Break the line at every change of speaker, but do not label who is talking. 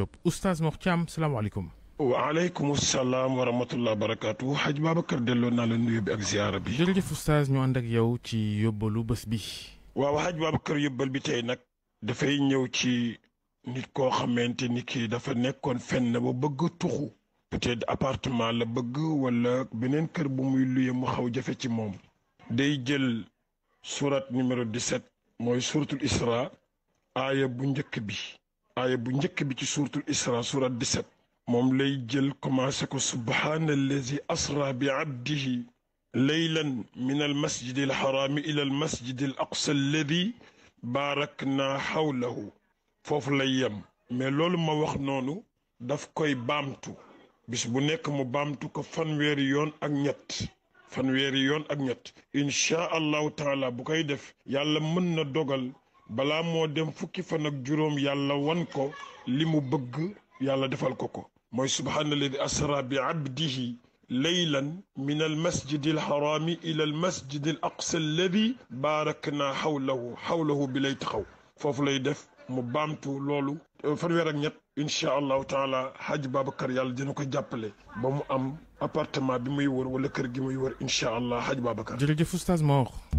Diop oustaz Mor Thiam salaamaaleykum.
waaleykum salaam wa rahmatulah barakaatu Hadj Babacar delloo naa la nuyu bi ak ziara
bi. jërëjëf oustaz ñu ànd ak yow ci yóbbalu bés bi.
waaw Hadj Babacar yóbbal bi tey nag. dafay ñëw ci nit koo xamante ni kii dafa nekkoon fenn ba bëgg tuxu. peut-être appartement la bëgg wala beneen kër bu muy luye mu xaw jafe ci moom. day jël surat numéro 17. mooy suratul isra. aaya bu njëkk bi. aaya bu njëkk bi ci suuratul isra suura 17 moom lay jël commencé ko subhaana allazi asra bi abdihi laylan min al masjid al haram ila al masjid al aqsa alladi baarakna xawlahu foofu lay yem mais loolu ma wax noonu daf koy baamtu bis bu nekk mu baamtu ko fanweeri yoon ak ñett fanweeri yoon ak ñett inchaa allahu taala bu koy def yàlla mën na dogal bala mo dem fukki fan ak juróom yàlla wan ko li mu yàlla defal ko ko mooy subhaana asra bi abdihi ليلا من المسجد الحرام إلى المسجد الأقصى الذي باركنا حوله حوله بليت خو فوف لي ديف mu baamtu loolu fanweer ak ñett incha allahu taala Hadj Babacar yàlla dina ko jàppale ba mu am appartement bi muy wër wala kër gi muy wër incha allah Hadj Babacar.
jërëjëf Oustaz Mor.